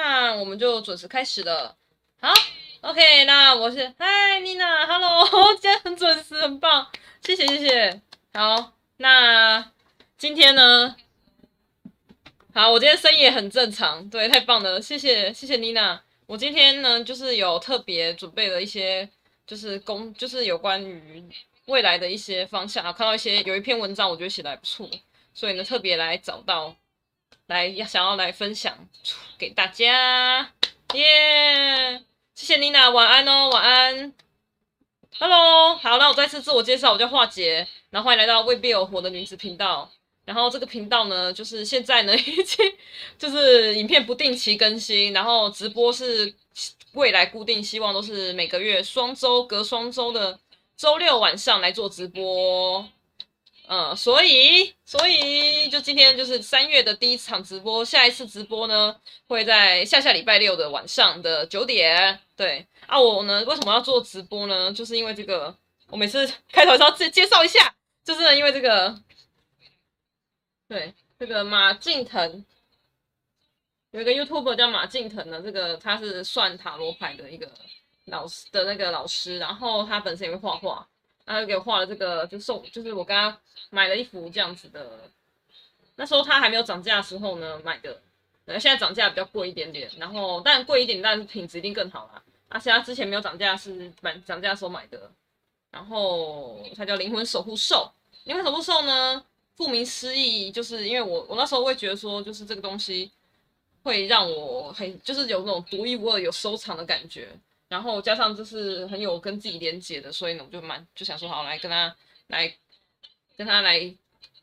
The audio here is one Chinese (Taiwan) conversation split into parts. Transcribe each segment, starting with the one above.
那我們就準時開始了，好，OK，那我是嗨，妮娜，哈嘍，今天很準時，很棒，謝謝，謝謝，好，那今天呢，好，我今天生意也很正常，對，太棒了，謝謝，謝謝妮娜，我今天呢就是有特別準備了一些，就是工，就是有關於未來的一些方向，啊，看到一些有一篇文章，我覺得寫的還不錯，所以呢特別來找到。來要想要來分享給大家，耶、yeah!！謝謝妮娜，晚安哦，晚安。Hello，好，那我再次自我介紹，我叫樺姐，然後歡迎來到為 BL 活的女子頻道。然後這個頻道呢，就是現在呢已經就是影片不定期更新，然後直播是未來固定，希望都是每個月雙周隔雙周的周六晚上來做直播。嗯，所以，所以就今天就是三月的第一場直播，下一次直播呢會在下下禮拜六的晚上的九點。對啊，我呢為什麼要做直播呢？就是因為這個，我每次開頭的時候要自己介介紹一下，就是因為這個。對，這個馬進騰，有一個 YouTuber 叫馬進騰的，這個他是算塔羅牌的一個老師的那個老師，然後他本身也會畫畫。他就給我畫了這個，就送，就是我剛剛買了一幅這樣子的，那時候他還沒有漲價的時候呢買的，然後現在漲價比較貴一點點，然後但貴一點，但是品質一定更好啦。而且他之前沒有漲價是買漲價時候買的，然後他叫靈魂守護獸。靈魂守護獸呢，顧名思義，就是因為我我那時候會覺得說，就是這個東西會讓我很，就是有那種獨一無二、有收藏的感覺。然後加上就是很有跟自己連結的，所以呢我就蠻就想說好，來跟他來跟他來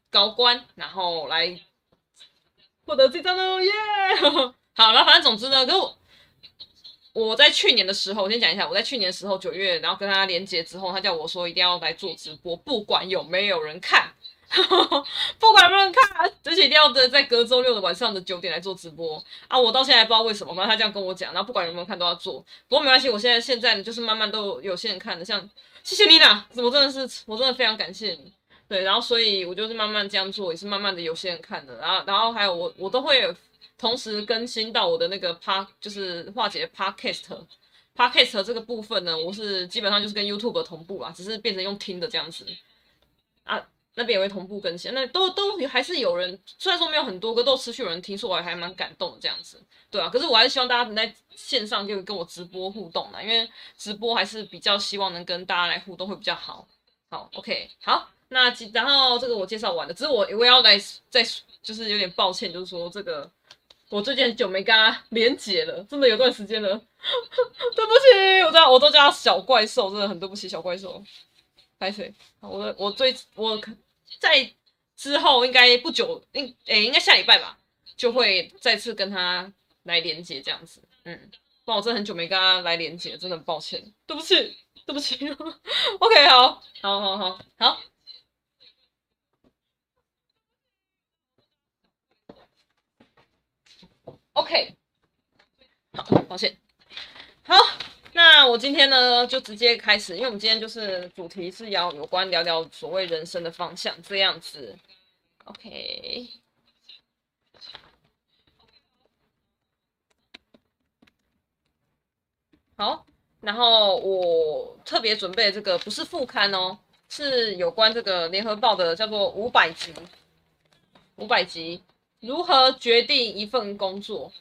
高官，然後來獲得這張哦耶！Yeah! 好了，反正總之呢，就我在去年的時候，我先講一下，我在去年的時候九月，然後跟他連接之後，他叫我說一定要來做直播，不管有沒有人看。 不管有沒有看，而且一定要在隔週六的晚上的九點來做直播啊！我到現在還不知道為什麼嘛，反正他這樣跟我講，然後不管有沒有看都要做。不過沒關係，我現在現在就是慢慢都有些人看了，像謝謝麗娜，我真的是我真的非常感謝你。對，然後所以我就是慢慢這樣做，也是慢慢的有些人看的。然後然後還有我我都會同時更新到我的那個 p 就是樺姐 podcast podcast 這個部分呢，我是基本上就是跟 YouTube 同步吧，只是變成用聽的這樣子啊。那邊也會同步更新，那都都還是有人，雖然說沒有很多個，都持續有人聽，所以，我還蠻感動的這樣子，對啊。可是我還是希望大家能在線上就跟我直播互動啦，因為直播還是比較希望能跟大家來互動會比較好。好，OK，好，那然後這個我介紹完了，只是我我要來再就是有點抱歉，就是說，這個我最近很久沒跟他連結了，真的有段時間了， 對不起，我叫我都叫他小怪獸，真的很對不起小怪獸。白水，我我最我。在之後應該不久，應、欸、誒，應該下禮拜吧，就會再次跟他來連接這樣子。嗯、哦，真的很久沒跟他來連接，真的很抱歉，對不起，對不起。 OK，好，好，好，好，好。OK，好，抱歉，好。那我今天呢，就直接開始，因為我們今天就是主題是要有關聊聊所謂人生的方向這樣子。OK。好，然後我特別準備這個不是副刊哦，是有關這個《聯合報》的叫做《五百集》500集，五百集如何決定一份工作。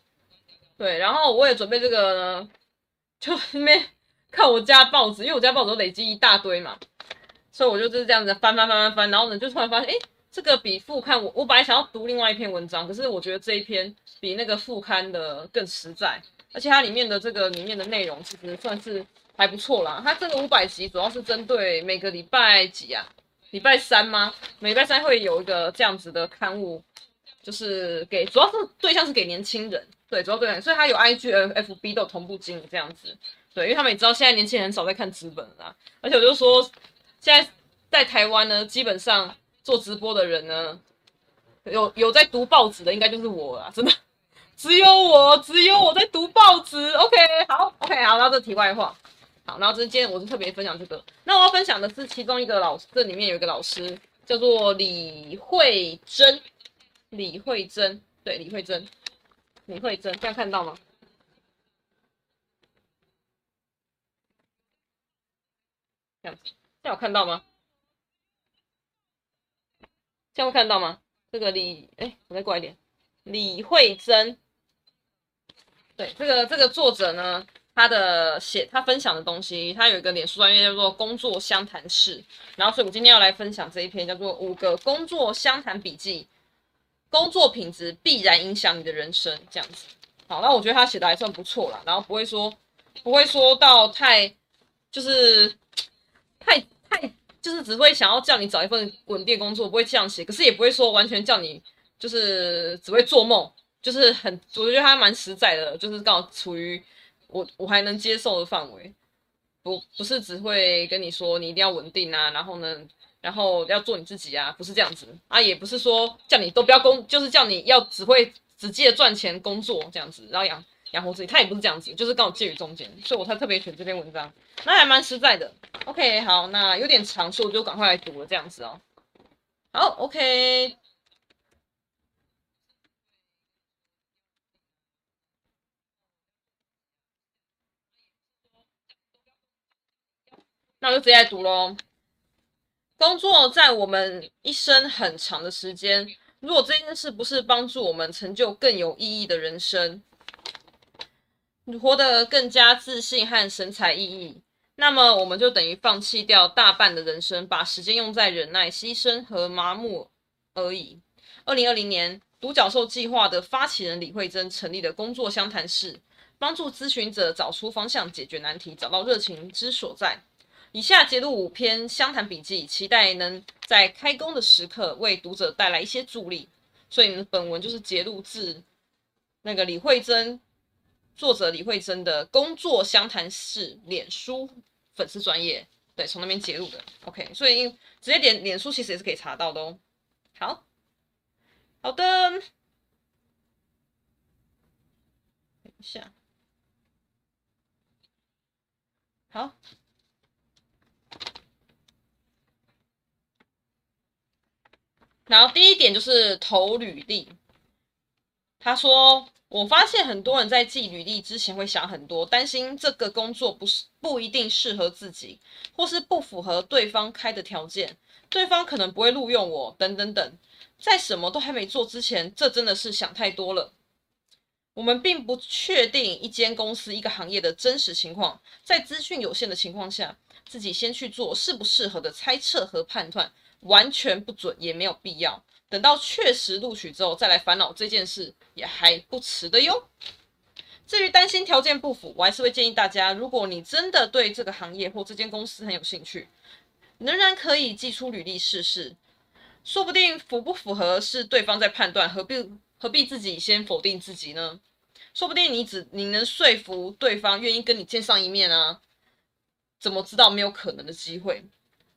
對，然後我也準備這個呢就那看我家報紙，因為我家報紙都累積一大堆嘛，所以我就，就是這樣子翻翻翻翻翻，然後呢就突然發現，誒、欸，這個比副刊我，我我本來想要讀另外一篇文章，可是我覺得這一篇比那個副刊的更實在，而且它裡面的這個裡面的內容其實算是還不錯啦。它這個五百集主要是針對每個禮拜幾啊，禮拜三嗎？每禮拜三會有一個這樣子的刊物，就是給主要是對象是給年輕人。對，主要對，所以它有 IG、FB 都同步經營這樣子。對，因為他們也知道現在年輕人很少在看紙本啦，而且我就說，現在在台灣呢，基本上做直播的人呢，有有在讀報紙的，應該就是我啦，真的，只有我，只有我在讀報紙。OK，好，OK，好。然後這題外話，好，然後這今天我是特別分享這個，那我要分享的是其中一個老師，這裡面有一個老師叫做李慧珍，李慧珍，對，李慧珍。李慧珍，這樣看到嗎？這樣子，這樣有看到嗎？這樣會看到嗎？這個李，哎，我再過來一點。李慧珍，對，這個這個作者呢，他的寫他分享的東西，他有一個臉書專頁叫做“工作相談事”，然後所以我們今天要來分享這一篇叫做《五個工作相談筆記》。工作品質必然影響你的人生，這樣子。好，那我覺得他寫的還算不錯啦，然後不會說，不會說到太，就是太太就是只會想要叫你找一份穩定工作，不會這樣寫。可是也不會說完全叫你就是只會做夢，就是很我覺得他蠻實在的，就是剛好處於我我還能接受的範圍，不不是只會跟你說你一定要穩定啊，然後呢？然後要做你自己啊，不是這樣子啊，也不是說叫你都不要工，就是叫你要只會只記得賺錢工作這樣子，然後養養活自己，他也不是這樣子，就是剛好介於中間，所以我才特別選這篇文章，那還蠻實在的。OK，好，那有點長，所以我就趕快來讀了這樣子哦。好，OK，那我就直接來讀嘍。工作在我們一生很長的時間，如果這件事不是幫助我們成就更有意義的人生，你活得更加自信和神采奕奕，那麼我們就等於放棄掉大半的人生，把時間用在忍耐、犧牲和麻木而已。二零二零年，獨角獸計劃的發起人李慧珍成立了工作相談室，幫助諮詢者找出方向、解決難題、找到熱情之所在。以下節錄五篇《相談筆記》，期待能在開工的時刻為讀者帶來一些助力。所以，本文就是節錄自那個李慧珍作者李慧珍的工作《相談室》臉書粉絲專頁，對，從那邊節錄的。OK，所以直接點臉書其實也是可以查到的哦。好，好的，等一下，好。然後第一點就是投履歷。他說：“我發現很多人在寄履歷之前會想很多，擔心這個工作不是不一定適合自己，或是不符合對方開的條件，對方可能不會錄用我，等等等。在什麼都還沒做之前，這真的是想太多了。我們並不確定一間公司、一個行業的真實情況，在資訊有限的情況下，自己先去做適不適合的猜測和判斷。”完全不準也沒有必要，等到確實錄取之後再來煩惱這件事也還不遲的喲。至於擔心條件不符，我還是會建議大家，如果你真的對這個行業或這間公司很有興趣，仍然可以寄出履歷試試，說不定符不符合是對方在判斷，何必何必自己先否定自己呢？說不定你只你能說服對方願意跟你見上一面啊，怎麼知道沒有可能的機會？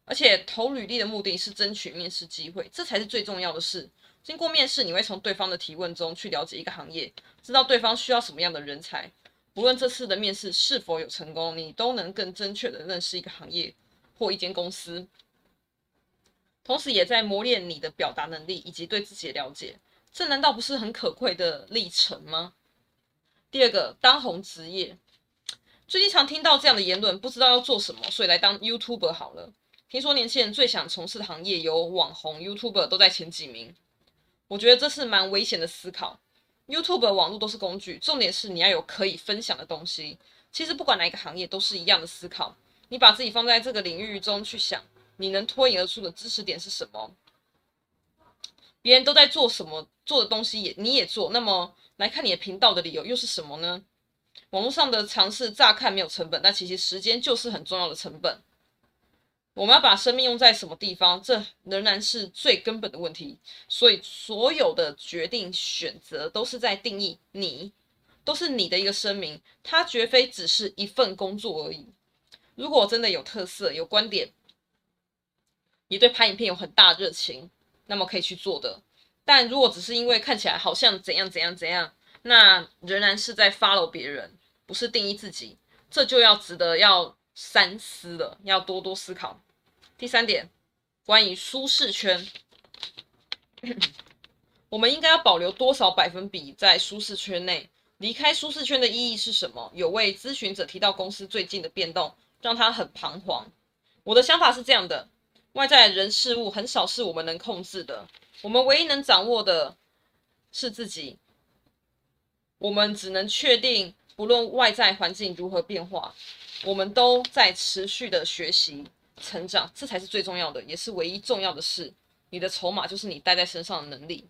而且投履歷的目的是爭取面試機會，這才是最重要的事。經過面試，你會從對方的提問中去了解一個行業，知道對方需要什麼樣的人才。不論這次的面試是否有成功，你都能更正確的認識一個行業或一間公司，同時也在磨練你的表達能力以及對自己的了解。這難道不是很可貴的歷程嗎？第二個，當紅職業，最近常聽到這樣的言論，不知道要做什麼，所以來當 YouTuber 好了。聽說年輕人最想從事的行業有網紅、YouTuber 都在前幾名，我覺得這是蠻危險的思考。YouTuber 網絡都是工具，重點是你要有可以分享的東西。其實不管哪一個行業都是一樣的思考，你把自己放在這個領域中去想，你能脫穎而出的知識點是什麼？別人都在做什麼，做的東西也，也你也做，那麼來看你的頻道的理由又是什麼呢？網絡上的嘗試乍看沒有成本，但其實時間就是很重要的成本。我們要把生命用在什麼地方？這仍然是最根本的問題。所以，所有的決定、選擇都是在定義你，都是你的一個聲明。它絕非只是一份工作而已。如果真的有特色、有觀點，你對拍影片有很大的熱情，那麼可以去做的。但如果只是因為看起來好像怎樣怎樣怎樣，那仍然是在 follow 別人，不是定義自己。這就要值得要。三思了，要多多思考。第三點，關於舒適圈， 我們應該要保留多少百分比在舒適圈內？離開舒適圈的意義是什麼？有位諮詢者提到，公司最近的變動讓他很彷徨。我的想法是這樣的：外在人事物很少是我們能控制的，我們唯一能掌握的是自己。我們只能確定，不論外在環境如何變化。我們都在持續的學習成長，這才是最重要的，也是唯一重要的事。你的籌碼就是你帶在身上的能力。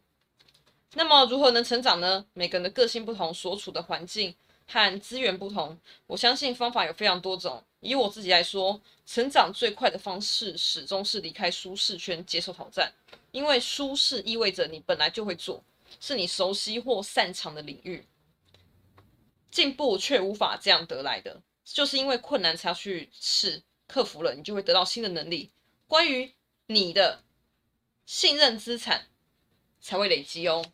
那麼，如何能成長呢？每個人的個性不同，所處的環境和資源不同。我相信方法有非常多種。以我自己來說，成長最快的方式始終是離開舒適圈，接受挑戰。因為舒適意味着你本來就會做，是你熟悉或擅長的領域，進步卻無法這樣得來的。就是因為困難才要去試，克服了你就會得到新的能力。關於你的信任資產才會累積哦。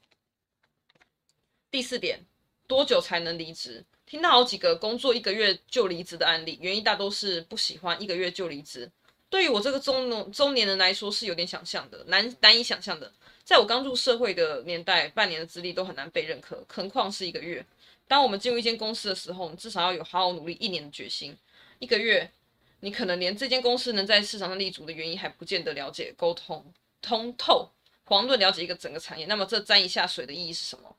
第四點，多久才能離職？聽到好幾個工作一個月就離職的案例，原因大多是不喜歡，一個月就離職。對於我這個中中年人來說，是有點想象的，難難以想象的。在我剛入社會的年代，半年的資歷都很難被認可，何況是一個月。當我們進入一間公司的時候，你至少要有好好努力一年的決心。一個月，你可能連這間公司能在市場上立足的原因還不見得了解、溝通通透、遑論了解一個整個產業，那麼這沾一下水的意義是什麼？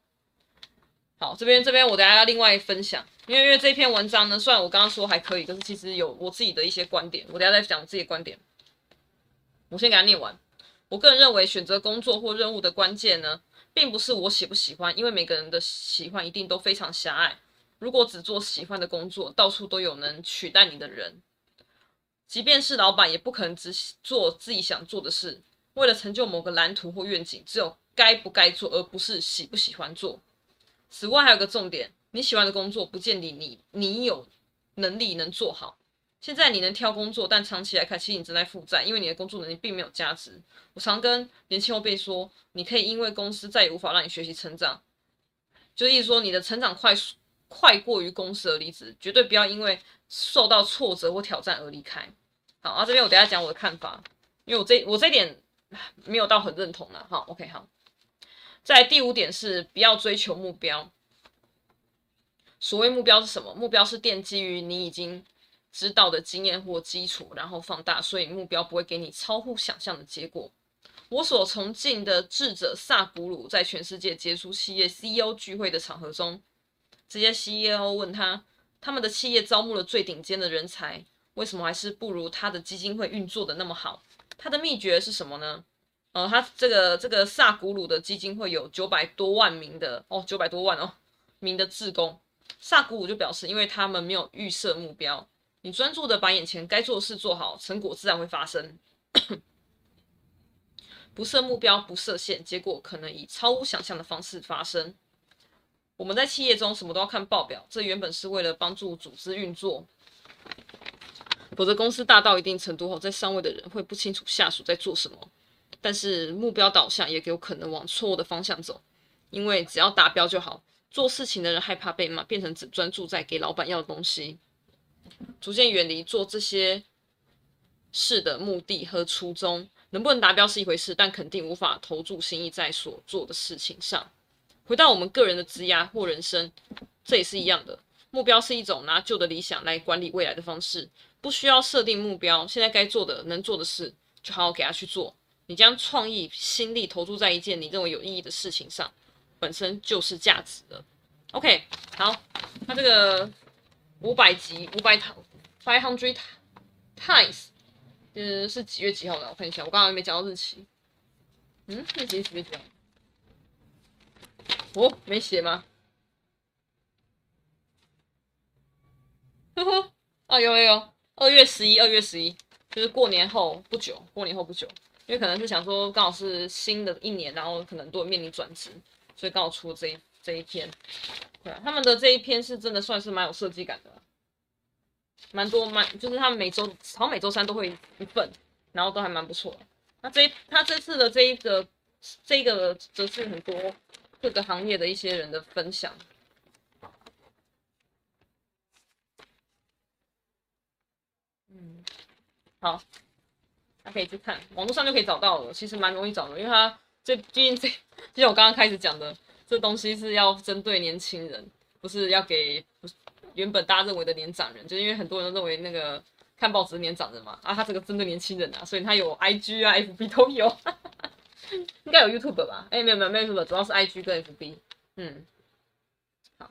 好，這邊這邊我等下要另外一分享，因為因為這篇文章呢，雖然我剛剛說還可以，可是其實有我自己的一些觀點，我等下再講自己的觀點。我先給他念完。我個人認為，選擇工作或任務的關鍵呢？並不是我喜不喜歡，因為每個人的喜歡一定都非常狹隘。如果只做喜歡的工作，到處都有能取代你的人。即便是老闆，也不可能只做自己想做的事。為了成就某個藍圖或願景，只有該不該做，而不是喜不喜歡做。此外，還有一個重點：你喜歡的工作，不見得你你有能力能做好。現在你能挑工作，但長期來看，其實你正在負債，因為你的工作能力並沒有價值。我常跟年輕後輩說，你可以因為公司再也無法讓你學習成長，就是說你的成長快速快過於公司而離職，絕對不要因為受到挫折或挑戰而離開。好，啊這邊我等下講我的看法，因為我這我這一點沒有到很認同了哈。OK，好，在第五點是不要追求目標。所謂目標是什麼？目標是奠基於你已經，知道的經驗或基礎，然後放大，所以目標不會給你超乎想象的結果。我所崇敬的智者薩古魯，在全世界傑出企業 CEO 聚會的場合中，這些 CEO 問他，他們的企業招募了最頂尖的人才，為什麼還是不如他的基金會運作得那麼好？他的秘訣是什麼呢？呃，他這個這個薩古魯的基金會有九百多萬名的哦，九百多萬哦名的志工，薩古魯就表示，因為他們沒有預設目標。你專注的把眼前該做的事做好，成果自然會發生。 不設目標，不設限，結果可能以超乎想象的方式發生。我們在企業中什麼都要看報表，這原本是為了幫助組織運作。否則公司大到一定程度後，在上位的人會不清楚下屬在做什麼。但是目標導向也有可能往錯誤的方向走，因為只要達標就好。做事情的人害怕被罵，變成只專注在給老板要的東西。逐漸遠離做這些事的目的和初衷，能不能達標是一回事，但肯定無法投注心意在所做的事情上。回到我們個人的職涯或人生，這也是一樣的。目標是一種拿舊的理想來管理未來的方式，不需要設定目標。現在該做的、能做的事，就好好給他去做。你將創意心力投注在一件你認為有意義的事情上，本身就是價值的。OK，好，那這個。五百集五百套，five hundred times，就是，是幾月幾號的？我看一下，我剛剛沒講到日期。嗯，日期幾月幾號？哦，沒寫嗎？呵呵，啊有有有，二月十一，二月十一，就是過年後不久，過年後不久，因為可能是想說剛好是新的一年，然後可能都會面臨轉職，所以剛好出這一這一天。他們的這一篇是真的算是蠻有設計感的啊，蠻多蠻就是他們每周好像每周三都會一份，然後都還蠻不錯的啊。他這他這次的這一個這一個則是很多各個行業的一些人的分享。嗯，好，大家可以去看，網絡上就可以找到了，其實蠻容易找的，因為他這最近這就像我剛剛開始講的。這東西是要針對年輕人，不是要給，不是原本大家認為的年長人，就是因為很多人都認為那個看報紙年長人嘛，啊，他這個針對年輕人啊，所以他有 I G 啊，F B 都有， 應該有 YouTube 吧？哎，沒有沒有沒有 YouTube，主要是 I G 跟 F B，嗯，好，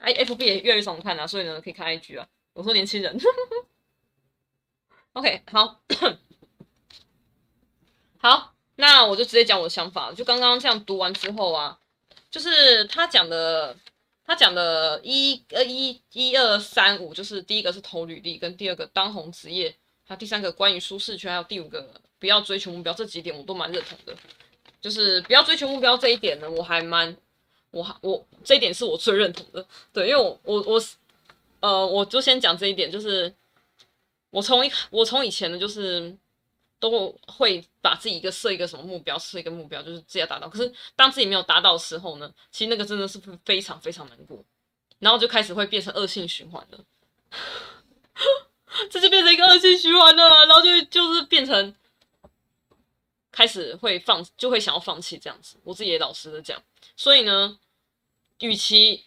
誒，F B 也越來越少看啊，所以呢可以看 I G 啊，我說年輕人 ，OK，好， 好。那我就直接講我的想法，就剛剛這樣讀完之後啊，就是他講的，他講的一呃一一二三五，就是第一個是投履歷，跟第二個當紅職業，還有第三個關於舒適圈，還有第五個不要追求目標，這幾點我都蠻認同的。就是不要追求目標這一點呢，我還蠻我還我這一點是我最認同的，對，因為我我我呃，我就先講這一點，就是我從一我從以前的就是。都會把自己一個設一個什麼目標，設一個目標就是自己要達到。可是當自己沒有達到的時候呢，其實那個真的是非常非常難過，然後就開始會變成惡性循環了， 這就變成一個惡性循環了，然後就就是變成開始會放，就會想要放棄這樣子。我自己也老實的講，所以呢，與其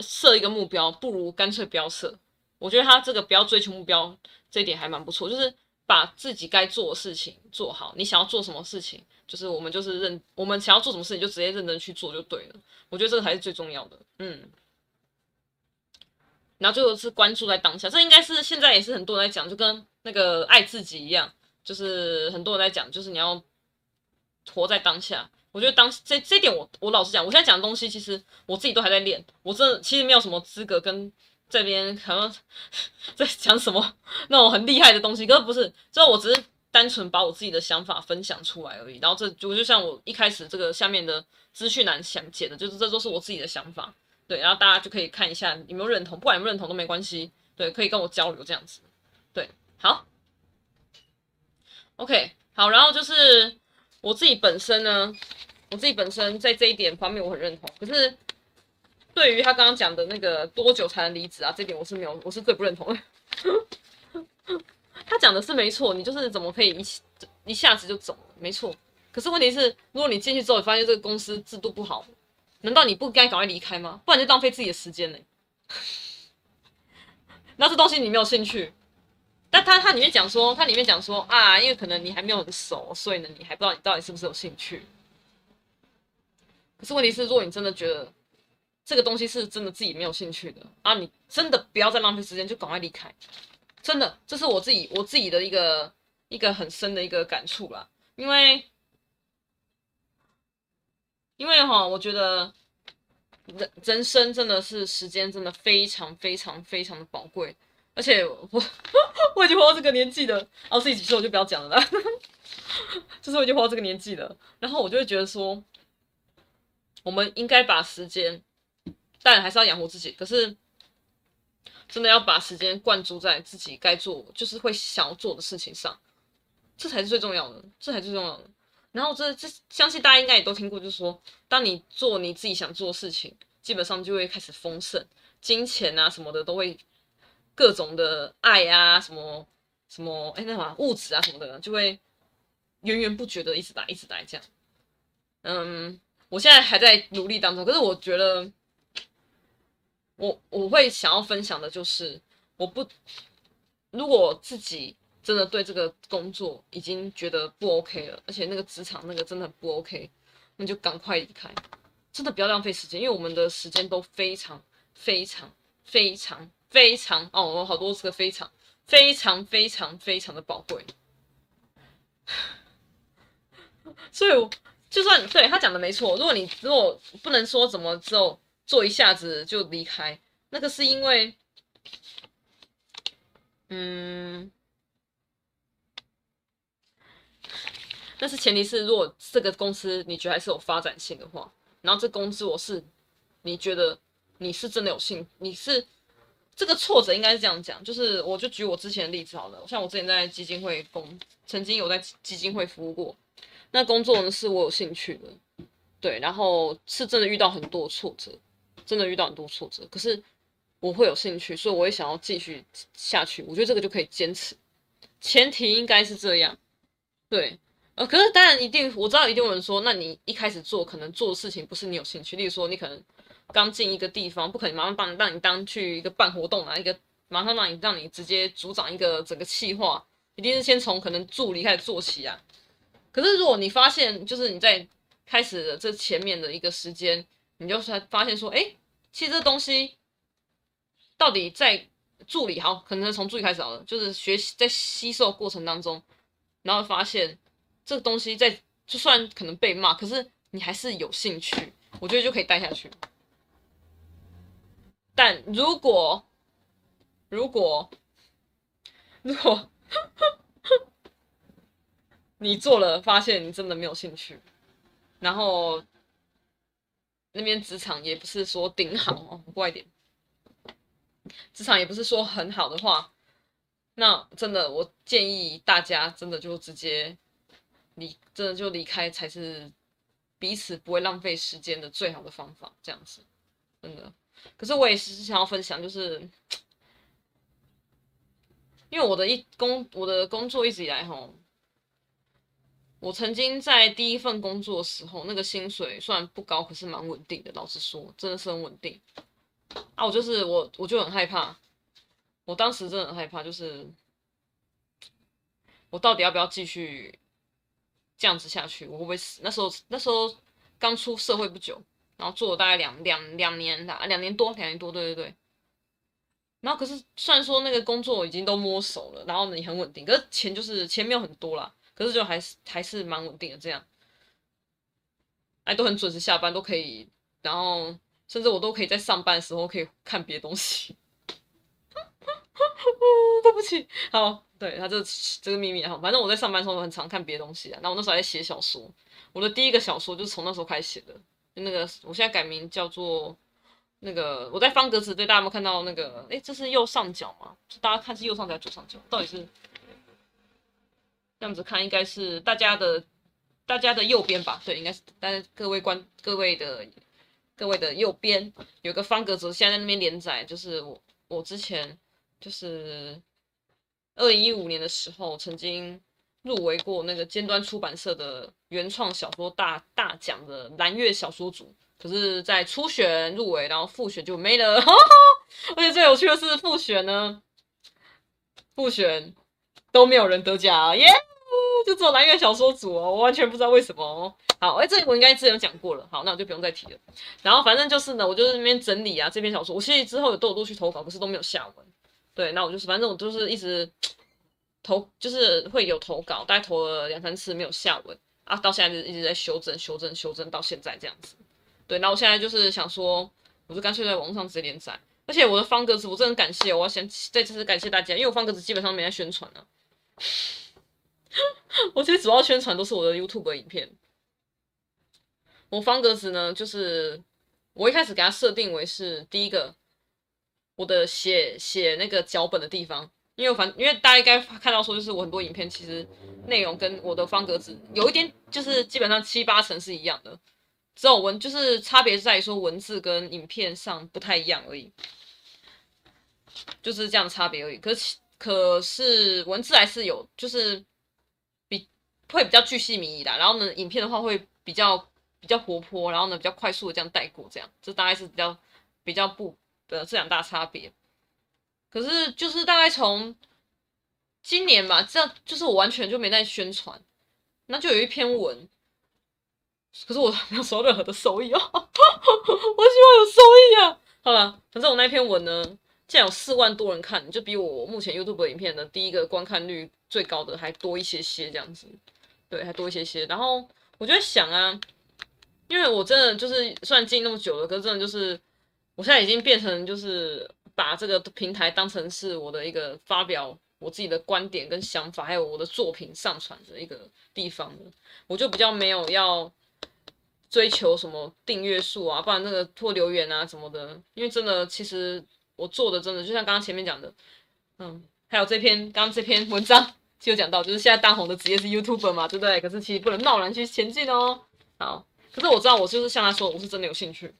設一個目標，不如乾脆不要設。我覺得他這個不要追求目標這一點還蠻不錯，就是。把自己該做的事情做好，你想要做什麼事情，就是我們就是認，我們想要做什麼事情就直接認真去做就對了。我覺得這個才是最重要的，嗯。然後最後就是關注在當下，這應該是現在也是很多人在講，就跟那個愛自己一樣，就是很多人在講，就是你要活在當下。我覺得當這這點我我老實講，我現在講的東西其實我自己都還在練，我真的其實沒有什麼資格跟。這邊好像在講什麼那種很厲害的東西，可是不是？就我只是單純把我自己的想法分享出來而已。然後這就就像我一開始這個下面的資訊欄講解的，就是這都是我自己的想法，對。然後大家就可以看一下有沒有認同，不管有沒有認同都沒關係，對，可以跟我交流這樣子，對，好。OK，好，然後就是我自己本身呢，我自己本身在這一點方面我很認同，可是，對於他剛剛講的那個多久才能離職啊，這點我是沒有，我是最不認同的。 他講的是沒錯，你就是怎麼可以一下一下子就走了？沒錯。可是問題是，如果你進去之後，你發現這個公司制度不好，難道你不該趕快離開嗎？不然就浪費自己的時間了。 那這東西你沒有興趣，但他他裡面講說，他裡面講說啊，因為可能你還沒有熟，所以你還不知道你到底是不是有興趣。可是問題是，如果你真的覺得。這個東西是真的自己沒有興趣的啊！你真的不要再浪費時間，就趕快離開。真的，這是我自己我自己的一個一個很深的一個感觸啦。因為因為哈，我覺得人人生真的是時間真的非常非常非常的寶貴。而且我我已經活到這個年紀了，然後自己說我就不要講了啦。就是我已經活到這個年紀了，然後我就會覺得說，我們應該把時間。但還是要養活自己，可是真的要把時間灌注在自己該做，就是會想要做的事情上，這才是最重要的，這才最重要的。然後這這，相信大家應該也都聽過，就是說，當你做你自己想做的事情，基本上就會開始豐盛，金錢啊什麼的都會，各種的愛啊什麼什麼，哎那什麼、啊、物質啊什麼的，就會源源不絕的一直打，一直打。這樣。嗯，我現在還在努力當中，可是我覺得。我我會想要分享的就是我不，如果自己真的對這個工作已經覺得不 OK 了，而且那個職場那個真的不 OK，那就趕快離開，真的不要浪費時間，因為我們的時間都非常非常非常非常哦，我好多都個非常非常非常非常的寶貴， 所以我就算對他講的沒錯，如果你如果不能說怎麼之後。做一下子就離開，那個是因為，嗯，但是前提是，如果這個公司你覺得還是有發展性的話，然後這公司我是，你覺得你是真的有興，你是這個挫折應該是這樣講，就是我就舉我之前的例子好了，像我之前在基金會工，曾經有在基金會服務過，那工作呢是我有興趣的，對，然後是真的遇到很多挫折。真的遇到很多挫折，可是我會有興趣，所以我也想要繼續下去。我覺得這個就可以堅持，前提應該是這樣，對。呃，可是當然一定，我知道一定有人說，那你一開始做可能做的事情不是你有興趣，例如說你可能剛進一個地方，不可能馬上把讓，讓你當去一個辦活動啊，一個馬上讓你讓你直接組長一個整個企劃，一定是先從可能助理開始做起啊。可是如果你發現，就是你在開始的這前面的一個時間。你就是發現說，哎、欸，其實這東西到底在助理好，可能從助理開始好了，就是學習在吸收過程當中，然後發現這東西在就算可能被罵，可是你還是有興趣，我覺得就可以待下去。但如果如果如果哈哈哈，你做了，發現你真的沒有興趣，然後。那邊職場也不是說頂好哦，乖一點。職場也不是說很好的話，那真的我建議大家真的就直接離，真的就離開才是彼此不會浪費時間的最好的方法。這樣子，真的。可是我也是想要分享，就是因為我的一工，我的工作一直以來齁。我曾經在第一份工作的時候，那個薪水雖然不高，可是蠻穩定的。老實說，真的是很穩定啊！我就是我，我就很害怕。我當時真的很害怕，就是我到底要不要繼續這樣子下去？我會不會死？那時候那時候剛出社會不久，然後做了大概兩兩兩年啦，啊，兩年多，兩年多。對對對。然後可是雖然說那個工作已經都摸熟了，然後呢也很穩定，可是錢就是錢沒有很多啦。可是就還是還是蠻穩定的這樣，哎，都很準時下班，都可以，然後甚至我都可以在上班的時候可以看別的東西、 嗯嗯嗯。對不起，好，對他這、啊、這個祕密哈，反正我在上班的時候很常看別的東西啊。那我那時候還在寫小說，我的第一個小說就是從那時候開始寫的。就那個我現在改名叫做那個我在方格子對大家有沒有看到那個哎這是右上角嘛，大家看是右上角還是左上角到底是？這樣子看應該是大家的，大家的右邊吧？對，應該是大家，各位觀各位的各位的右邊有個方格子，現在在那邊連載，就是我我之前就是二零一五年的時候曾經入圍過那個尖端出版社的原創小說大大獎的藍月小說組，可是，在初選入圍，然後複選就沒了。 而且最有趣的是複選呢，複選。都沒有人得獎耶，yeah! 就只有藍月小說組哦，我完全不知道為什麼。好，哎、欸，這一我應該之前有講過了，好，那我就不用再提了。然後反正就是呢，我就是那邊整理啊，這篇小說，我其實之後都有都陸續投稿，可是都沒有下文。對，那我就是，反正我就是一直投，就是會有投稿，大概投了兩三次沒有下文啊，到現在就一直在修正、修正、修正，到現在這樣子。對，那我現在就是想說，我就乾脆在網上直接連載。而且我的方格子，我真的很感謝，我要先再次感謝大家，因為我方格子基本上沒在宣傳啊。 我其實主要宣傳都是我的 YouTube 影片。我方格子呢，就是我一開始給它設定為是第一個我的寫寫那個腳本的地方，因為我反因為大家應該看到說，就是我很多影片其實內容跟我的方格子有一點就是基本上七八成是一樣的，只有文就是差別在於說文字跟影片上不太一樣而已，就是這樣差別而已。可是。可是文字還是有，就是比會比較巨細靡遺的，然後呢，影片的話會比較比較活潑，然後呢，比較快速的這樣帶過，這樣這大概是比較比較不呃，的這兩大差別。可是就是大概從今年吧，這樣就是我完全就沒在宣傳，那就有一篇文，可是我沒有收任何的收益哦， 我希望有收益啊。好吧，反正我那一篇文呢。竟然有四萬多人看，就比我目前 YouTube 影片的第一個觀看率最高的還多一些些這樣子，對，還多一些些。然後我就在想啊，因為我真的就是算進那麼久了，可是真的就是我現在已經變成就是把這個平台當成是我的一個發表我自己的觀點跟想法，還有我的作品上傳的一個地方了。我就比較沒有要追求什麼訂閱數啊，不然那個拖留言啊什麼的，因為真的其實。我做的真的就像剛剛前面講的，嗯，還有這篇剛剛這篇文章，其實有講到，就是現在大紅的職業是 YouTuber 嘛，對不對？可是其實不能貿然去前進哦。好，可是我知道，我就是像他說，我是真的有興趣，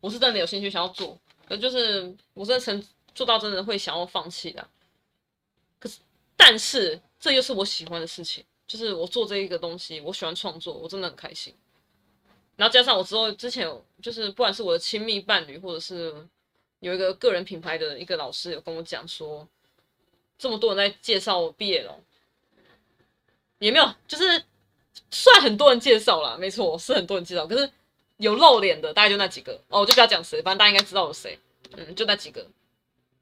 我是真的有興趣想要做，可就是我真的曾做到，真的會想要放棄的。可是，但是這又是我喜歡的事情，就是我做這一個東西，我喜歡創作，我真的很開心。然後加上我之後之前就是不管是我的親密伴侶或者是。有一個個人品牌的一個老師有跟我講說，這麼多人在介紹 BL 了，也沒有，就是算很多人介紹了，沒錯是很多人介紹，可是有露臉的大概就那幾個哦，我就不要講誰，反正大家應該知道有誰，嗯，就那幾個，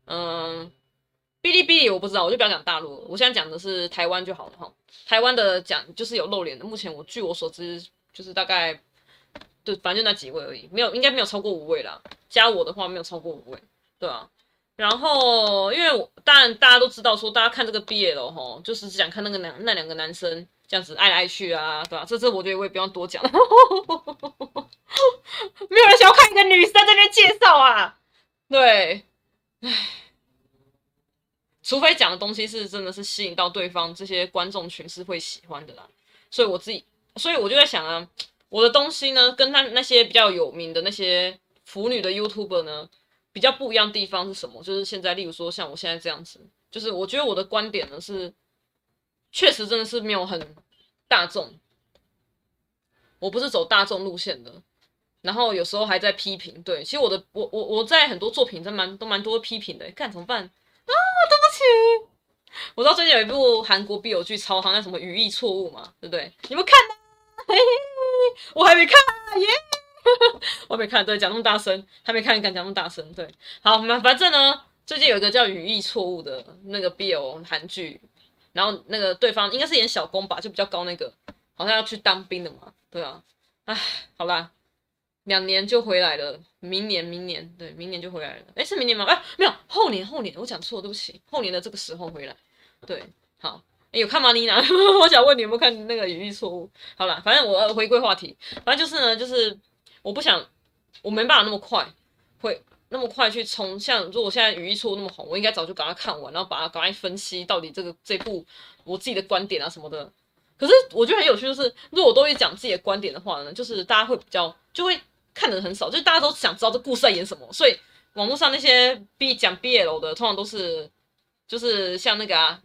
嗯，嗶哩嗶哩我不知道，我就不要講大陸了，我現在講的是台灣就好了哈，台灣的講就是有露臉的，目前我據我所知就是大概。對，反正就那幾位而已，沒有應該沒有超過五位啦。加我的話沒有超過五位，對啊。然後因為我當然大家都知道說，大家看這個 BL 吼，就是想看那個男那兩個男生這樣子愛來愛去啊，對吧，啊？這這我覺得我也不用多講了， 沒有人想要看一個女生在那邊介紹啊，對，唉，除非講的東西是真的是吸引到對方這些觀眾群是會喜歡的啦，所以我自己所以我就在想啊。我的東西呢，跟他那些比較有名的那些腐女的 YouTuber 呢，比較不一樣的地方是什麼？就是現在，例如說像我現在這樣子，就是我覺得我的觀點呢是，確實真的是沒有很大眾，我不是走大眾路線的，然後有時候還在批評，對，其實我的我我我在很多作品真的都蠻都蠻多批評的，看怎麼辦啊？對不起，我知道最近有一部韓國 BL 劇超好像什麼語意錯誤嘛，對不對？你們看。嘿，嘿， 我還沒看耶，yeah! 我還沒看，對，講那麼大聲，還沒看，敢講那麼大聲，對，好，我反正呢，最近有一個叫語義錯誤的那個 BL 韓劇，然後那個對方應該是演小攻吧，就比較高那個，好像要去當兵的嘛，對啊，唉，好吧，兩年就回來了，明年，明年，對，明年就回來了，哎、欸，是明年嗎？哎、欸，沒有，後年，後年，我講錯了，對不起，後年的這個時候回來，對，好。欸、有看嗎，妮娜？ 我想問你有沒有看那個語義錯誤？好啦，反正我要回歸話題。反正就是呢，就是我不想，我沒辦法那麼快，會那麼快去衝。像如果現在語義錯誤那麼紅，我應該早就把它看完，然後把它趕快分析到底這個這部我自己的觀點啊什麼的。可是我覺得很有趣，就是如果我都會講自己的觀點的話呢，就是大家會比較就會看的人很少，就是大家都想知道這故事在演什麼。所以網絡上那些 B 講 BL 的，通常都是就是像那個啊。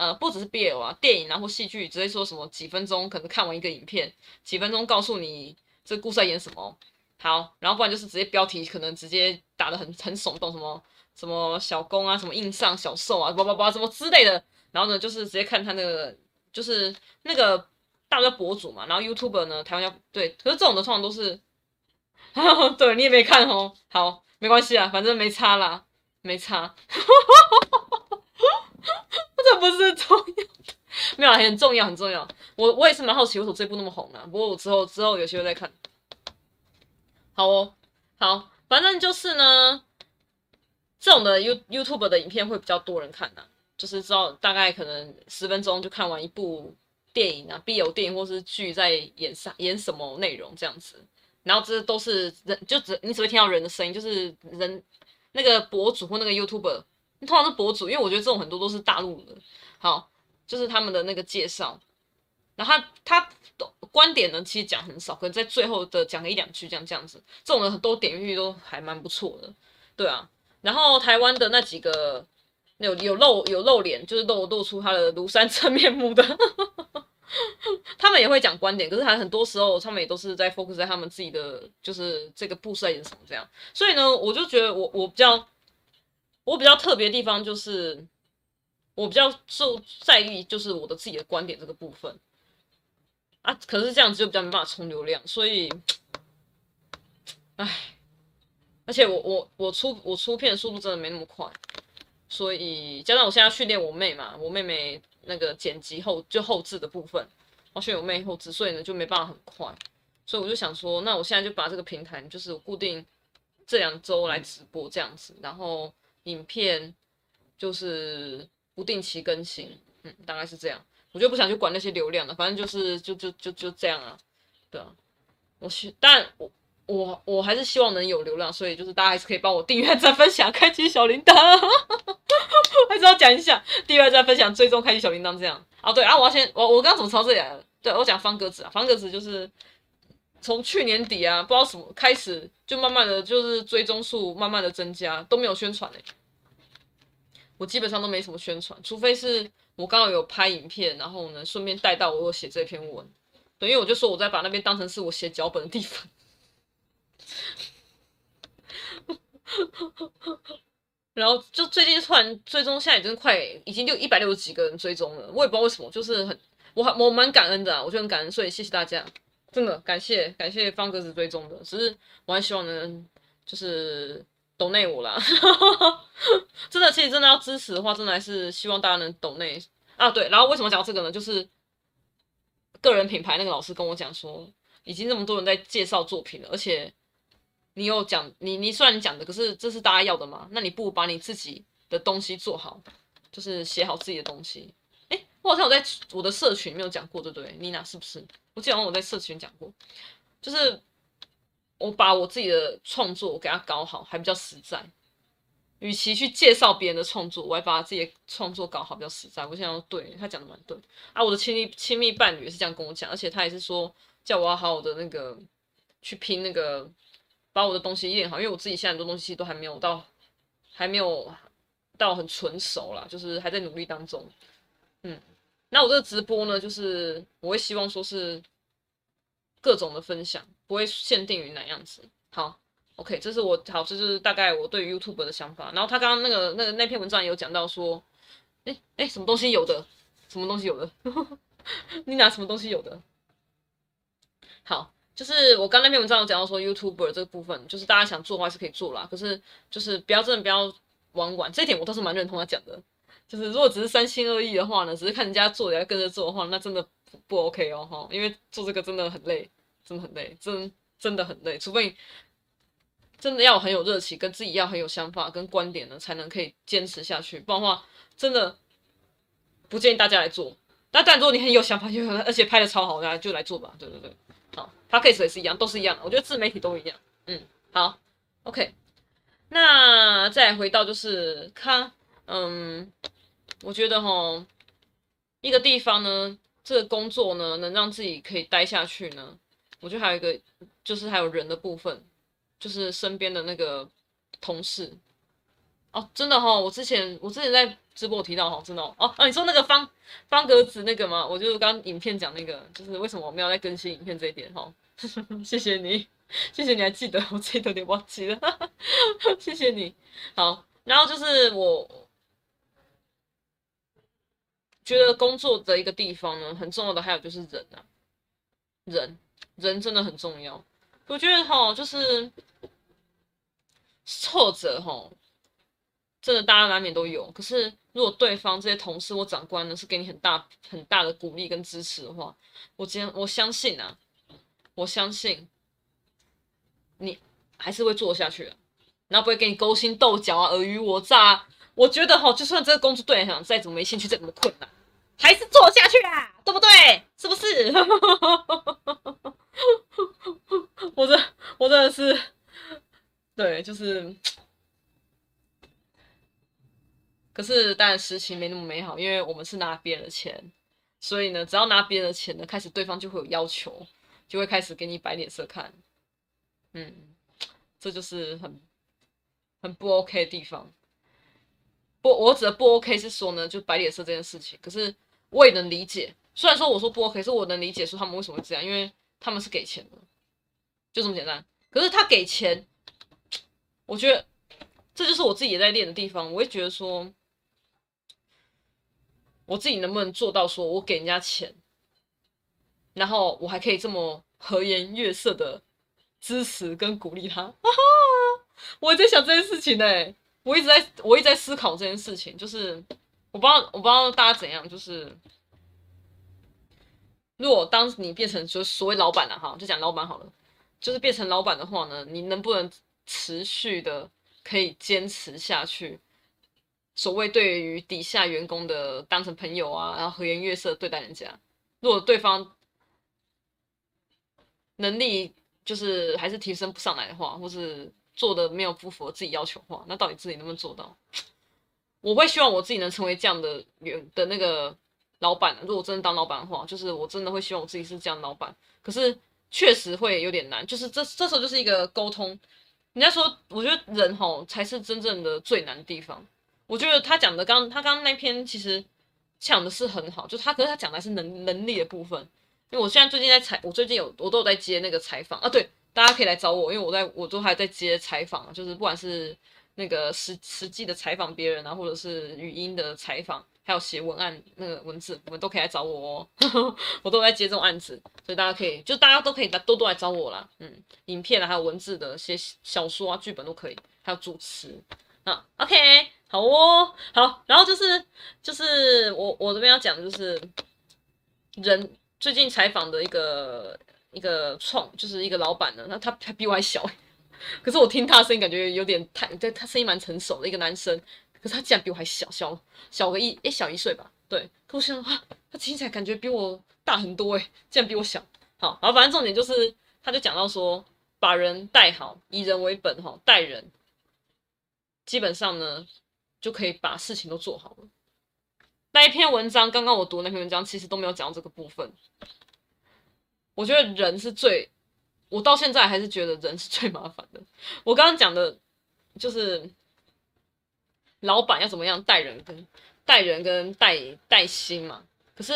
呃，不只是 BL 啊，電影啊或戲劇，直接說什麼幾分鐘可能看完一個影片，幾分鐘告訴你這個故事在演什麼。好，然後不然就是直接標題可能直接打得很很聳動，什麼什麼小攻啊，什麼硬上小受啊，叭叭叭什麼之類的。然後呢，就是直接看他那個，就是那個大家博主嘛，然後 YouTuber 呢，台灣要，對，可是這種的創作都是，哈 哈，對你也沒看哦，好，沒關係啊，反正沒差啦，沒差。 哈哈哈， 這不是重要， 沒有很重要，很重要。我我也是蠻好奇，為什麼這部那麼紅啊？不過我之後之後有機會再看。好哦，好，反正就是呢，這種的 You YouTube 的影片會比較多人看吶、啊，就是知道大概可能十分鐘就看完一部電影啊，BL 電影或是劇在演啥演什麼內容這樣子。然後這都是人，就只你只會聽到人的聲音，就是人那個博主或那個 YouTuber 通常是博主，因為我覺得這種很多都是大陸的，好，就是他們的那個介紹，然後他他的觀點呢，其實講很少，可能在最後的講個一兩句，這樣這樣子，這種的很多點進都還蠻不錯的，對啊，然後台灣的那幾個有有露有露臉，就是露露出他的廬山真面目的， 他們也會講觀點，可是他很多時候他們也都是在 focus 在他們自己的，就是這個布設演什麼這樣，所以呢，我就覺得我我比較。我比較特別的地方就是，我比較受在意就是我的自己的觀點這個部分啊。可是這樣子就比較沒辦法衝流量，所以，唉，而且我我我出我出片的速度真的沒那麼快，所以加上我現在訓練我妹嘛，我妹妹那個剪輯後就後製的部分，我訓練我妹後製，所以呢就沒辦法很快，所以我就想說，那我現在就把這個平台就是固定這兩周來直播這樣子，然後。影片就是不定期更新，嗯，大概是這樣。我就不想去管那些流量了，反正就是就就就就這樣啊，對啊。我希但我我我還是希望能有流量，所以就是大家還是可以幫我訂閱、再分享、開啟小鈴鐺。 還是要講一下，訂閱、再分享、追蹤、開啟小鈴鐺這樣啊，對啊，我要先我我剛剛怎麼朝這裡來了？對我講方格子啊，方格子就是。從去年底啊，不知道什麼開始，就慢慢的，就是追蹤數慢慢的增加，都沒有宣傳哎，我基本上都沒什麼宣傳，除非是我剛好有拍影片，然後呢，順便帶到我有寫這篇文，等於我就說我在把那邊當成是我寫腳本的地方， 然後就最近突然追蹤現在已經快，已經就一百六十幾個人追蹤了，我也不知道為什麼，就是很，我我蠻感恩的啊，我就很感恩，所以謝謝大家。真的感謝感謝方格子追蹤的，只是我還希望能就是抖內我啦， 真的其實真的要支持的話，真的還是希望大家能抖內啊，對。然後為什麼講這個呢？就是個人品牌那個老師跟我講說，已經那麼多人在介紹作品了，而且你有講你你雖然你講的，可是這是大家要的嘛，那你不如把你自己的東西做好，就是寫好自己的東西。我好像有在我的社群沒有講過，對不對？妮娜是不是？我記得好像我在社群講過，就是我把我自己的創作我給它搞好，還比較實在。與其去介紹別人的創作，我還把自己的創作搞好比較實在。我想要對他講的蠻對的啊。我的親密親密伴侶也是這樣跟我講，而且他也是說，叫我要好好的那個去拼那個，把我的東西練好，因為我自己現在很多東西都還沒有到，還沒有到很純熟啦，就是還在努力當中。嗯，那我這個直播呢，就是我會希望說是各種的分享，不會限定於哪樣子。好，OK，這是我，好，這就是大概我對於 YouTuber 的想法。然後他剛剛那個、那個、那篇文章也有講到說，哎、欸、哎、欸，什麼東西有的，什麼東西有的，呵呵你拿什麼東西有的？好，就是我剛那篇文章有講到說，YouTuber 這個部分，就是大家想做的話是可以做啦，可是就是不要真的不要玩玩，這一點我倒是蠻認同他講的。就是如果只是三心二意的話呢，只是看人家做也要跟着做的話，那真的不，不 OK 哦哈！因為做這個真的很累，真的很累，真真的很累。除非真的要很有熱情，跟自己要很有想法跟觀點呢，才能可以堅持下去。不然的話，真的不建議大家來做。但但如果你很有想法，而且拍的超好的，就來做吧。對對對，好，Podcast 也是一樣，都是一樣的。我覺得自媒體都一樣。嗯，好，OK 那。那再回到就是看，嗯。我覺得哈，一個地方呢，這個工作呢，能讓自己可以待下去呢。我覺得還有一個就是還有人的部分，就是身邊的那個同事。哦，真的哈，我之前我之前在直播提到哈，真的哦，哦、啊，你說那個方方格子那個嗎？我就是剛影片講那個，就是為什麼我沒有在更新影片這一點哈， 謝謝你，謝謝你還記得，我這都有點忘記了， 謝謝你。好，然後就是我。我覺得工作的一個地方呢，很重要的還有就是人啊，人，人真的很重要。我覺得哈，就是挫折哈，真的大家難免都有。可是如果對方這些同事或長官呢，是給你很大很大的鼓勵跟支持的話，我今天我相信啊，我相信你還是會做下去的，然後不會給你勾心鬥角啊、爾虞我詐、啊。我覺得哈，就算這個工作對你來講再怎麼沒興趣，再怎麼困難。還是做下去啊，對不對？是不是？ 我這我真的是，對，就是。可是，當然，事情沒那麼美好，因為我們是拿別人的錢，所以呢，只要拿別人的錢呢，開始對方就會有要求，就會開始給你擺臉色看。嗯，這就是很很不 OK 的地方。不，我指的不 OK 是說呢，就擺臉色這件事情。可是。我也能理解，雖然說我說不 OK，可是我能理解說他們為什麼會這樣，因為他們是給錢的，就這麼簡單。可是他給錢，我覺得這就是我自己也在練的地方。我也覺得說，我自己能不能做到，說我給人家錢，然後我還可以這麼和顏悅色的支持跟鼓勵他。哈哈，我也在想這件事情呢，欸，我一直在，我一直在思考這件事情，就是。我不知道，我不知道大家怎樣。就是，如果當你變成就所謂老板了哈，就講老板好了，就是變成老板的話呢，你能不能持續的可以堅持下去？所謂對於底下員工的當成朋友啊，然後和顏悅色的對待人家。如果對方能力就是還是提升不上來的話，或是做的沒有不符合自己要求的話，那到底自己能不能做到？我會希望我自己能成為這樣的員的那個老闆。如果真的當老闆的話，就是我真的會希望我自己是這樣的老闆。可是確實會有點難，就是這這時候就是一個溝通。人家說，我覺得人吼、哦、才是真正的最難的地方。我覺得他講的剛他剛剛那篇其實講的是很好，就他可是他講的還是能能力的部分。因為我現在最近在採，我最近有我都有在接那個採訪啊。對，大家可以來找我，因為我在我都還在接採訪，就是不管是。那個實實際的採訪別人啊，或者是語音的採訪，還有寫文案那個文字，我們都可以來找我哦， 我都在接這種案子，所以大家可以，就大家都可以多多來找我啦。嗯，影片啊，還有文字的寫小說啊、劇本都可以，還有主持。啊 OK，好哦，好。然後就是就是我我這邊要講就是人最近採訪的一個一個創，就是一個老板呢，那他他比我還小欸可是我聽他的聲音，感覺有點太，對他聲音蠻成熟的，一個男生。可是他竟然比我還小，小小個一，誒，小一歲吧？對，不然的話，他聽起來感覺比我大很多誒，竟然比我小。好，然後反正重點就是，他就講到說，把人帶好，以人為本，哈，帶人，基本上呢，就可以把事情都做好了。那一篇文章，剛剛我讀那篇文章，其實都沒有講到這個部分。我覺得人是最。我到現在還是覺得人是最麻煩的。我剛剛講的，就是老闆要怎麼樣帶人跟帶人跟帶帶心嘛。可是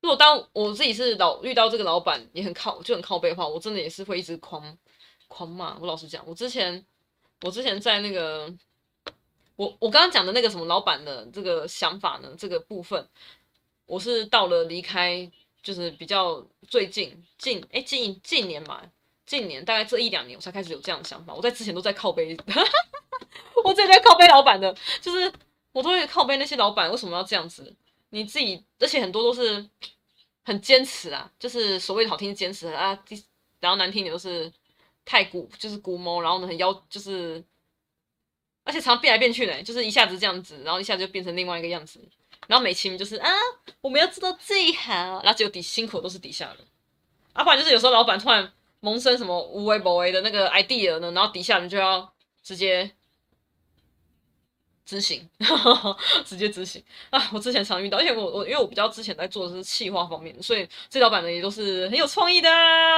如果當我自己是老遇到這個老闆也很靠，就很靠北的話，我真的也是會一直狂狂罵。我老實講，我之前，我之前在那個我我剛剛講的那個什麼老闆的這個想法呢，這個部分，我是到了離開。就是比較最近近哎、欸、近近年嘛,近年大概這一兩年我才開始有這樣的想法。我在之前都在靠背， 我都在靠背老板的，就是我都會靠背那些老板。為什麼要這樣子？你自己，而且很多都是很堅持啊，就是所謂的好聽堅持啊，然後難聽的都是太龜，就是龜毛，然後呢，很妖，就是而且常常變來變去嘞、欸，就是一下子這樣子，然後一下子就變成另外一個樣子。然後美其名就是啊，我們要做到最好，然後結果底辛苦都是底下人，啊，不然就是有時候老闆突然萌生什麼無為不為的，的那個 idea 呢，然後底下人就要直接， 直接執行，直接執行啊！我之前常遇到，因為我我因為我比較之前在做的是企劃方面，所以這老闆呢也都是很有創意的，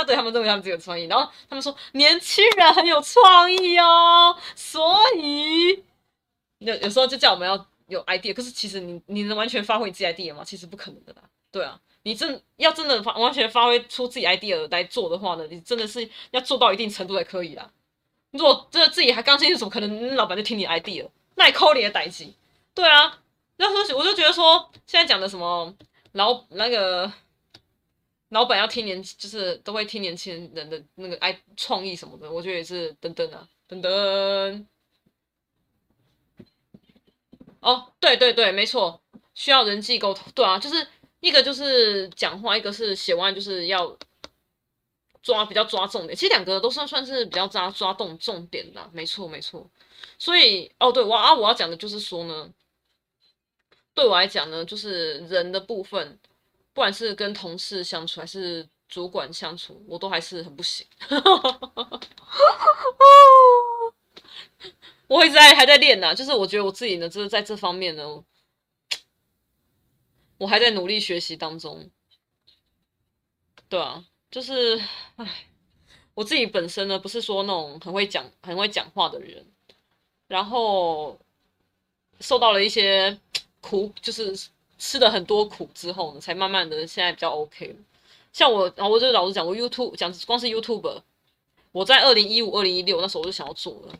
對，他們認為他們自己有創意，然後他們說年輕人很有創意哦，所以有有時候就叫我們要。有 idea，可是其實你你能完全發揮你自己 idea 嗎？其實不可能的啦。對啊，你真要真的發完全發揮出自己 idea 來做的話呢，你真的是要做到一定程度才可以啦。如果這自己還剛進去，怎麼可能老板就聽你 idea 了，那也扣你的等級。對啊，要說起，我就覺得說，現在講的什麼老那個老板要聽年就是都會聽年輕人的那個愛創意什麼的，我覺得也是等等啊等等。哦，對對對，沒錯，需要人際溝通。對啊，就是一個就是講話，一個是寫完就是要抓比較抓重點。其實兩個都算算是比較抓抓動重點的，沒錯沒錯。所以哦，對我啊，我要講的就是說呢，對我來講呢，就是人的部分，不管是跟同事相處還是主管相處，我都還是很不行。 我一直還，還在練吶、啊，就是我覺得我自己呢，就是在這方面呢，我還在努力學習當中。對啊，就是唉，我自己本身呢，不是說那種很會講、很會講話的人，然後受到了一些苦，就是吃了很多苦之後呢，才慢慢的現在比較 OK 了。像我，然後我就老實講，我 YouTube 講，光是 YouTube，我在二零一五、二零一六那時候我就想要做了。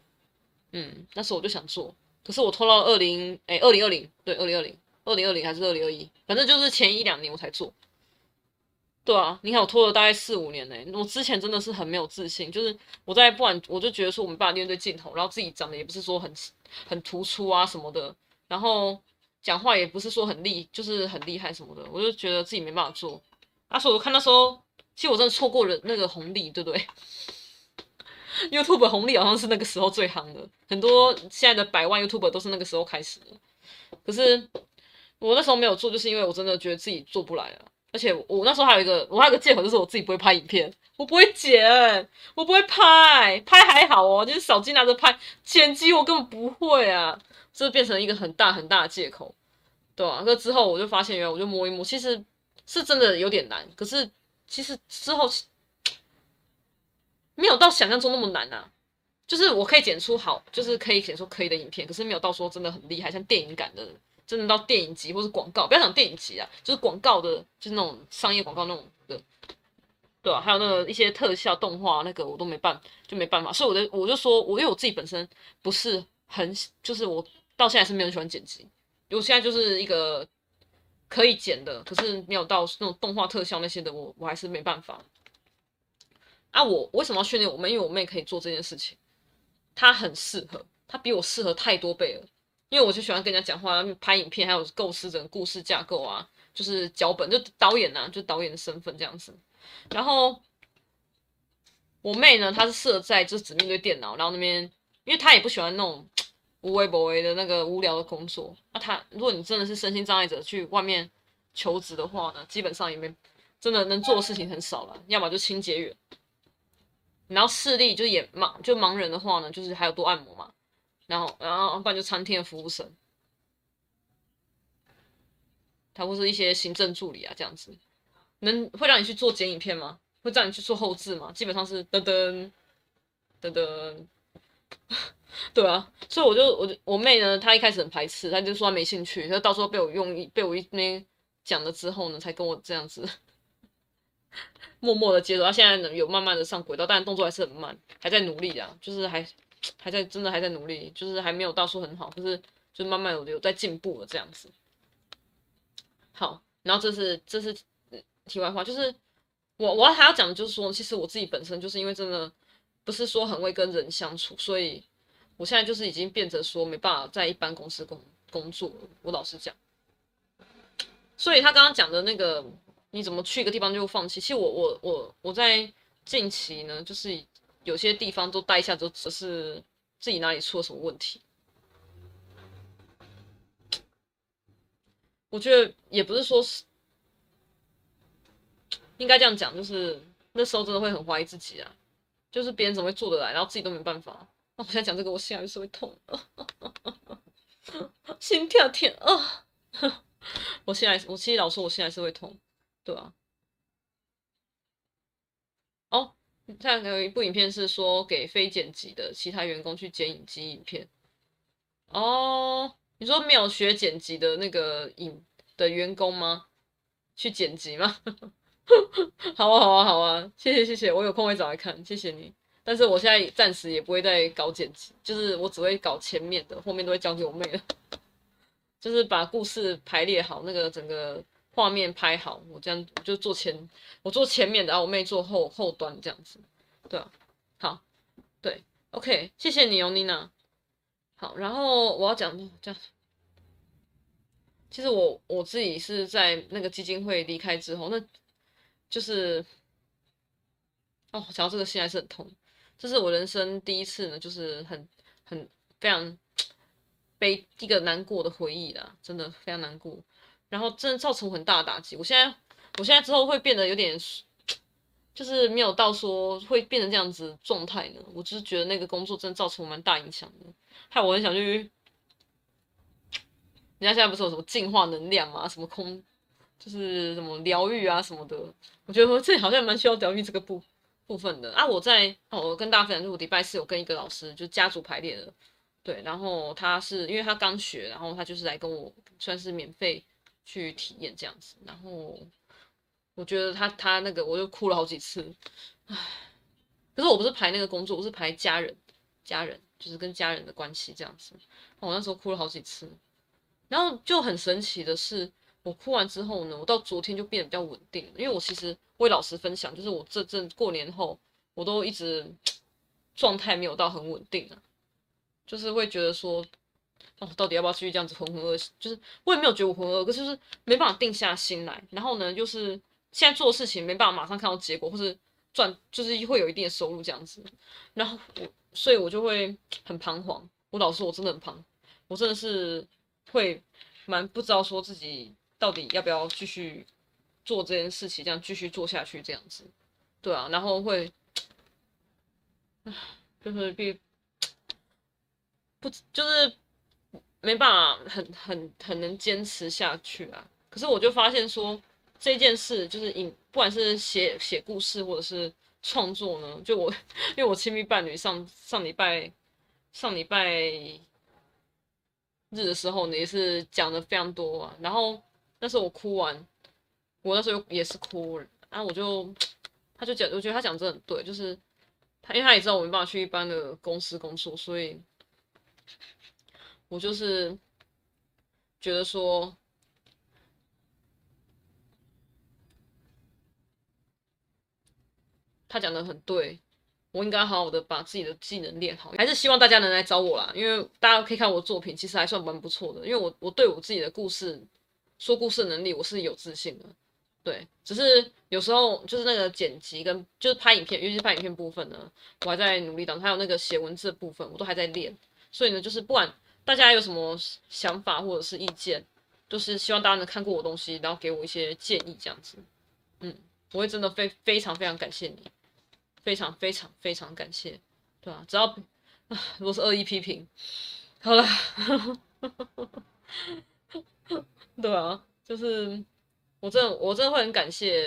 嗯，那時候我就想做，可是我拖到二零哎，二零二零對，二零二零，二零二零還是二零二一，反正就是前一兩年我才做。對啊，你看我拖了大概四五年嘞，我之前真的是很沒有自信，就是我在不管我就覺得說我沒辦法面對鏡頭，然後自己長得也不是說很很突出啊什麼的，然後講話也不是說很厲就是很厲害什麼的，我就覺得自己沒辦法做。那時候我看那時候，其實我真的錯過了那個紅利，對不對？YouTube 紅利好像是那個時候最夯的，很多現在的百萬 YouTuber 都是那個時候開始的。可是我那時候沒有做，就是因為我真的覺得自己做不來了、啊。而且我那時候還有一個，我還有一個借口就是我自己不會拍影片，我不會剪，我不會拍拍還好哦，就是手機拿着拍，剪輯我根本不會啊，這變成一個很大很大的借口，對啊。那之後我就發現，原來我就摸一摸，其實是真的有點難。可是其實之後。沒有到想象中那麼難吶、啊，就是我可以剪出好，就是可以剪出可以的影片，可是沒有到說真的很厲害，像電影感的，真的到電影級或是廣告，不要講電影級啊，就是廣告的，就是那種商業廣告那種的，對吧、啊？還有那個一些特效動畫那個我都沒辦，就沒辦法。所以我就我就說我因為我自己本身不是很，就是我到現在是沒有喜歡剪輯，因為我現在就是一個可以剪的，可是沒有到那種動畫特效那些的，我我還是沒辦法。啊，我，我為什麼要訓練我妹？因為我妹可以做這件事情，她很適合，她比我適合太多倍了。因為我就喜歡跟人家講話、拍影片，還有構思整個故事架構啊，就是腳本，就導演啊，就導演的身份這樣子。然後我妹呢，她是設在就是只面對電腦，然後那邊，因為她也不喜歡那種無微不微的那個無聊的工作。那、啊、她如果你真的是身心障礙者去外面求職的話呢，基本上也沒真的能做的事情很少了，要麼就清潔員。然後視力就也盲，就盲人的話呢，就是還有多按摩嘛，然後然後不然就餐廳的服務生，他或是一些行政助理啊這樣子，能會讓你去做剪影片嗎？會叫你去做後製嗎？基本上是噔噔噔噔，對啊，所以我就我我妹呢，她一開始很排斥，她就說她沒興趣，她到時候被我用被我一邊講了之後呢，才跟我這樣子。默默的接受，他現在有慢慢的上軌道，但動作還是很慢，還在努力啊。就是還還在真的還在努力，就是還沒有到說很好，就是就慢慢的有在進步了這樣子。好，然後這是這是題外話，就是我我還要講的就是說，其實我自己本身就是因為真的不是說很會跟人相處，所以我現在就是已經變成說沒辦法在一般公司工工作了，我老實講。所以他剛剛講的那個。你怎麼去一個地方就放棄？其實我我我我在近期呢，就是有些地方都待下，就只是自己哪裡出了什麼問題。我覺得也不是說是，應該這樣講，就是那時候真的會很懷疑自己啊，就是別人怎麼會做得來，然後自己都沒辦法。那我現在講這個，我心還是會痛，心跳，天啊！我現在，我其實老說，我心還是會痛。對啊，哦，這樣有一部影片是說給非剪輯的其他員工去剪影集影片。哦，你說沒有學剪輯的那個影的員工嗎？去剪輯嗎？ 好啊好啊好啊，謝謝謝謝，我有空會找來看，謝謝你。但是我現在暫時也不會再搞剪輯，就是我只會搞前面的，後面都會交給我妹了。就是把故事排列好那個整個。畫面拍好，我這樣我就坐前，我坐前面的，然後我妹坐後後端這樣子，對啊，好，對，OK，謝謝你哦，妮娜，好，然後我要講這樣，其實我我自己是在那個基金會離開之後，那就是，哦，講到這個心還是很痛，這是我人生第一次呢，就是很很非常悲一個難過的回憶啦，真的非常難過。然後真的造成很大的打擊，我現在我現在之後會變得有點，就是沒有到說會變成這樣子狀態呢。我就是覺得那個工作真的造成蠻大影響的，害我很想去。人家現在不是有什麼淨化能量啊，什麼空就是什麼療癒啊什麼的，我覺得我這好像蠻需要療癒這個部部分的啊。我在哦，我跟大家分享，就我禮拜四有跟一個老師就家族排列了，對，然後他是因為他剛學，然後他就是來跟我算是免費。去體驗這樣子，然後我覺得他他那個我就哭了好幾次，唉，可是我不是排那個工作，我是排家人，家人就是跟家人的關係這樣子，然後我那時候哭了好幾次，然後就很神奇的是，我哭完之後呢，我到昨天就變得比較穩定，因為我其實為老師分享，就是我這陣過年後我都一直狀態沒有到很穩定啊，就是會覺得說。到底要不要繼續這樣子渾渾噩噩，就是我也沒有覺得渾渾噩噩，可是就是沒辦法定下心來。然後呢，就是現在做的事情沒辦法馬上看到結果，或是賺，就是會有一定的收入這樣子。然後我，所以我就會很彷徨。我老實說，我真的很彷徨，我真的是會蠻不知道說自己到底要不要繼續做這件事情，這樣繼續做下去這樣子。對啊，然後會，唉，就是比不就是。沒辦法，很很很能堅持下去啊！可是我就發現說，這件事就是影，不管是寫寫故事或者是創作呢，就我因為我親密伴侶上上禮拜上禮拜日的時候呢，也是講的非常多啊。然後但是我哭完，我那時候也是哭了。然後，啊，我就，他就講，我覺得他講的真的很對，就是他因為他也知道我沒辦法去一般的公司工作，所以。我就是覺得說，他講的很對，我應該好好的把自己的技能練好。還是希望大家能來找我啦，因為大家可以看我的作品，其實還算蠻不錯的。因為我我對我自己的故事說故事的能力我是有自信的，對。只是有時候就是那個剪輯跟就是拍影片，尤其是拍影片部分呢，我還在努力當中。還有那個寫文字的部分，我都還在練。所以呢，就是不管。大家有什麼想法或者是意見，就是希望大家能看過我東西，然後給我一些建議這樣子，嗯，我會真的非非常非常感謝你，非常非常非常感謝，對啊，只要啊，如果是惡意批評，好了， 對啊，就是我真的我真的會很感謝。